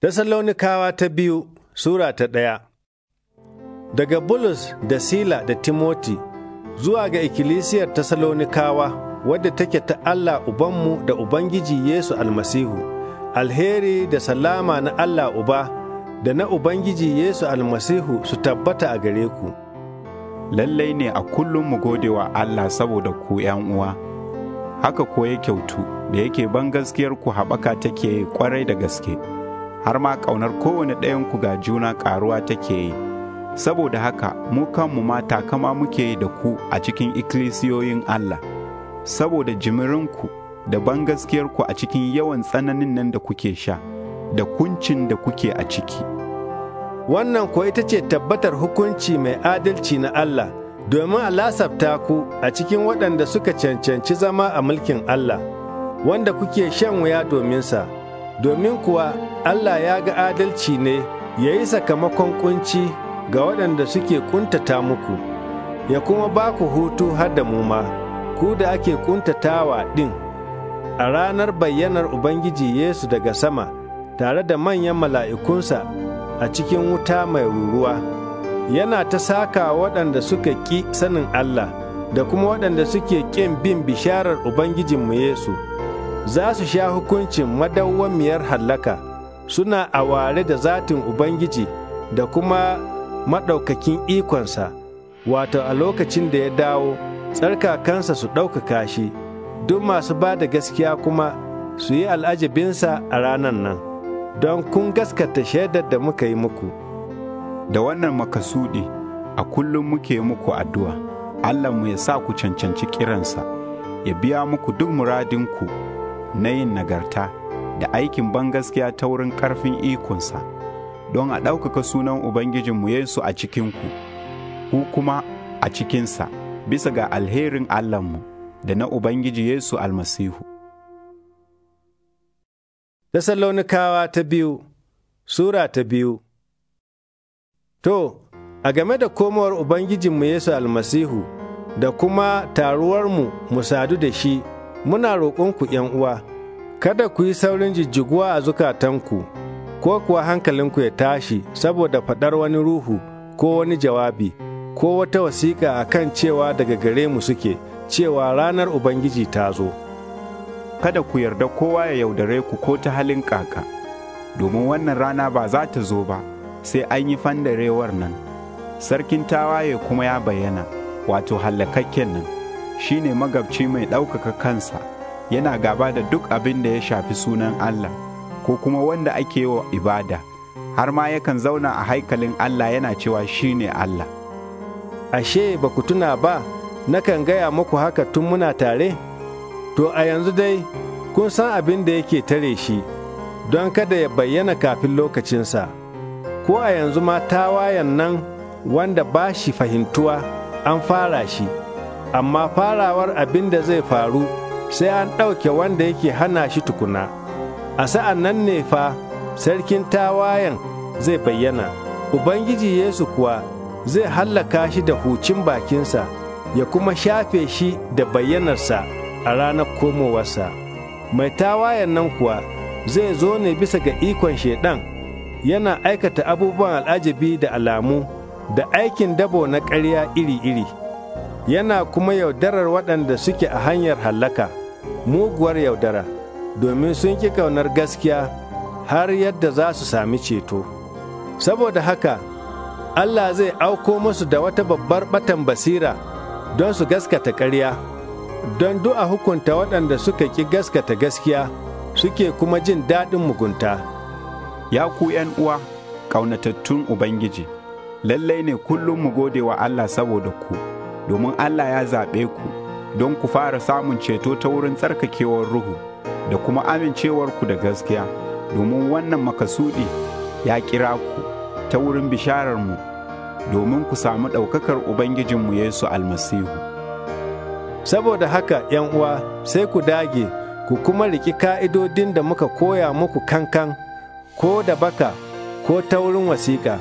Tessalonikawa ta biyu Sura ta ɗaya Daga Bulus da Sila da Timoti zuwa ga ikkilisiyar Tessalonikawa wadda take ta Allah Ubanmu da Ubangiji Yesu Almasihu, alheri da salama na Allah Uba da na Ubangiji Yesu Almasihu su tabbata a gare ku. Lallai ne a kullum mu gode wa Allah saboda ku 'yan uwa. haka ko ya kyautu da yake ban gaskiyar ku haɓaka take kwarai da gaske. har ma ƙaunar kowane ɗayanku ga juna ƙaruwa take yi. Saboda haka, mu kanmu mata kama muke da ku a cikin ikkilisiyoyin Allah, saboda jimirinku da bangaskiyarku a cikin yawan tsananin nan da kuke sha, da kuncin da kuke a ciki. Wannan kuwa ita ce tabbatar hukunci mai adalci na Allah, domin a lasafta ku a cikin waɗanda suka cancanci zama a mulkin Allah, wanda kuke shan wuya dominsa. sa. domin kuwa Allah ya ga adalci ne ya yi sakamakon kunci ga waɗanda suke kuntata muku, ya kuma ba ku hutu har da mu ku da ake kuntatawa ɗin a ranar bayyanar Ubangiji Yesu daga sama tare da manyan mala'ikunsa a cikin wuta mai ruruwa, yana ta saka waɗanda suka ƙi sanin Allah da kuma waɗanda suke ƙin bin bisharar Ubangijinmu Yesu. za su sha hukuncin madawwamiyar hallaka suna aware da zatin Ubangiji da kuma maɗaukakin ikonsa, wato a lokacin da ya dawo tsarkakansa su ɗaukaka shi, duk masu ba da gaskiya kuma su yi al'ajabinsa a ranar nan, don kun gaskata shaidar da muka yi muku. Da wannan makasudi a kullum muke muku addu'a, Allah mu ya sa ku cancanci kiransa, ya biya muku duk muradinku. na yin nagarta da aikin bangaskiya ta wurin ƙarfin ikonsa don a ɗaukaka sunan Ubangijinmu Yesu a cikinku, ku kuma a cikinsa bisa ga alherin Allahnmu da na Ubangiji Yesu almasihu. Tessalonikawa ta biyu Sura ta biyu To, a game da komowar Ubangijinmu Yesu almasihu da kuma taruwarmu mu sadu da shi. muna roƙonku uwa, kada ku yi saurin jijjiguwa a zukatanku, ko kuwa hankalinku ya tashi saboda faɗar wani ruhu ko wani jawabi, ko wata wasiƙa a kan cewa daga gare mu suke, cewa ranar Ubangiji ta zo. Kada ku yarda kowa ya yaudare ku ko ta halin kaka, domin wannan rana ba za ta zo ba, sai an yi fandarewar nan, sarkin tawaye kuma ya bayyana, wato hallakakken nan. Shi ne magabci mai ɗaukaka kansa yana gaba da duk abin da ya shafi sunan Allah ko kuma wanda ake wa ibada har ma yakan zauna a haikalin Allah yana cewa "Shi ne Allah ashe ba ku tuna ba nakan gaya muku haka tun muna tare to a yanzu dai kun san abin da yake tare shi don kada ya bayyana kafin lokacinsa ko a yanzu ma tawayan nan wanda ba shi fahimtuwa an fara shi amma farawar abin da zai faru sai an ɗauke wanda yake hana shi tukuna a sa'an nan ne fa sarkin tawayen zai bayyana ubangiji yesu kuwa zai hallaka shi da hucin bakinsa ya kuma shafe shi da bayyanarsa a ranar komowarsa mai tawayen nan kuwa zai zo ne bisa ga ikon shaidan yana aikata abubuwan al'ajabi da alamu da aikin dabo na ƙarya iri-iri. yana kuma yaudarar waɗanda suke a hanyar hallaka, muguwar yaudara, domin sun ƙi ƙaunar gaskiya har yadda za su sami ceto. Saboda haka, Allah zai auko musu da wata babbar ɓatan basira don su gaskata ƙarya, don du'a hukunta waɗanda suka ƙi gaskata gaskiya suke kuma jin daɗin mugunta. Ya ku uwa, ƙaunatattun Ubangiji, lallai ne kullum mu gode wa Allah saboda ku. domin Allah ya zaɓe ku don ku fara samun ceto ta wurin tsarkakewar ruhu da kuma amincewarku da gaskiya domin wannan makasudi ya kira ku ta wurin bishararmu domin ku samu ɗaukakar Ubangijinmu Yesu almasihu. Saboda haka ‘yan uwa sai ku dage ku kuma riki ka'idodin da muka koya muku kankan ko da baka ko ta wurin wasiƙa.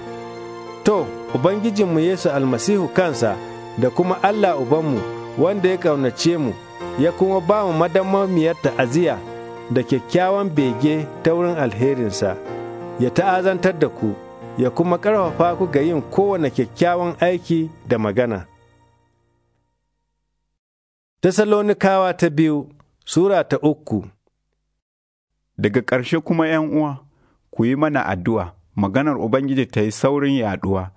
To, Ubangijinmu Yesu almasihu kansa da kuma Allah Ubanmu wanda ya ƙaunace mu, ya kuma ba mu madamamiyar ta'aziyya da kyakkyawan bege ta wurin alherinsa, ya ta'azantar da ku, ya kuma ƙarfafa ku ga yin kowane kyakkyawan aiki da magana. Tessalonikawa ta biyu Sura ta uku Daga ƙarshe kuma ’yan uwa, ku yi mana addu'a, maganar Ubangiji ta yi saurin yaɗuwa.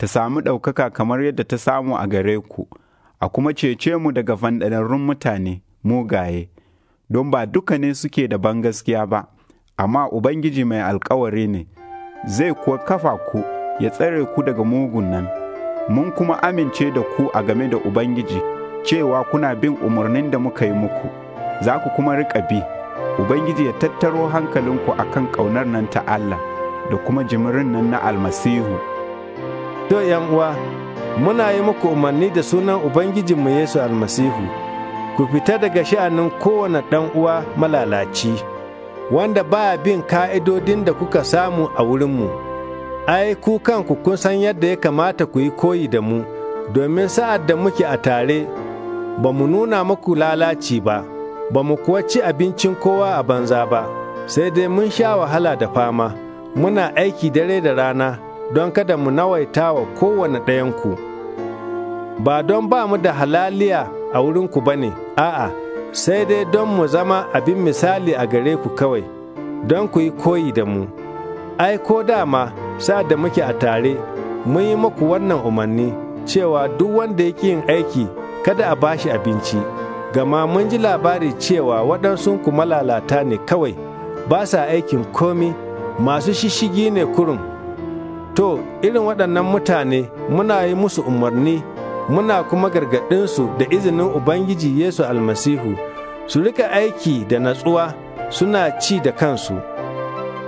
ta samu ɗaukaka kamar yadda ta samu a gare ku, a kuma cece mu daga fanɗanarrun mutane mugaye, don ba duka ne suke da ban gaskiya ba, amma Ubangiji mai alkawari ne, zai kuwa kafa ku ya tsare ku daga mugun nan. Mun kuma amince da ku a game da Ubangiji cewa kuna bin umarnin da muka yi muku, za ku kuma riƙa bi, Ubangiji ya tattaro hankalinku kan ƙaunar nan ta Allah da kuma jimirin nan na almasihu. To uwa, muna yi muku umarni da sunan Ubangijinmu Yesu almasihu, ku fita daga sha'anin kowane ɗan uwa malalaci, wanda ba bin ka'idodin da kuka samu a wurinmu. Ai, ku kanku kun san yadda ya kamata ku yi koyi da mu, domin sa'ad da muke a tare, ba mu nuna muku lalaci ba, ba mu kuwa ci abincin kowa a banza ba, sai dai mun sha wahala da fama, muna aiki dare da rana. don kada mu nawaita wa kowane ɗayanku. Ba don ba mu da halaliya a wurinku ba ne, a'a, sai dai don mu zama abin misali a gare ku kawai, don ku yi koyi da mu. Ai, ko dama, sa da muke a tare, mun yi muku wannan umarni cewa duk wanda ya yin aiki kada a bashi abinci, gama mun ji labari cewa waɗansu ku malalata ne kawai, ba sa aikin komi, masu shishigi ne kurum. To, irin waɗannan mutane muna yi musu umarni, muna kuma gargaɗinsu da izinin Ubangiji Yesu almasihu, su rika aiki da natsuwa suna ci da kansu.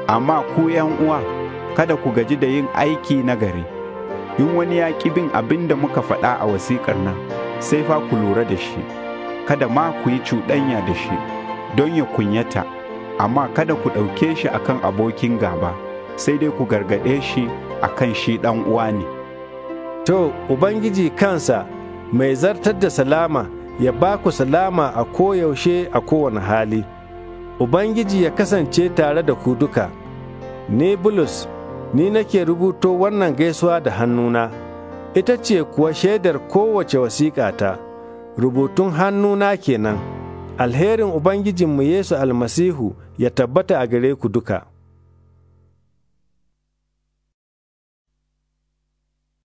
Amma ku uwa, kada ku gaji da yin aiki na gari, in wani ya ƙi bin abin da muka faɗa a wasiƙar nan, sai fa ku lura da shi, kada ma ku yi cuɗanya da shi, don ya kunyata, amma kada ku ɗauke shi akan abokin gaba, sai dai ku gargaɗe shi a kan shi ɗan uwa ne. To, Ubangiji kansa mai zartar da salama ya ba ku salama a koyaushe a kowane hali. Ubangiji ya kasance tare da ku duka. Ni Bulus, ni nake rubuto wannan gaisuwa da hannuna, ita ce kuwa shaidar kowace wasiƙata, rubutun hannuna kenan. Alherin Ubangijinmu Yesu almasihu ya tabbata a gare ku duka.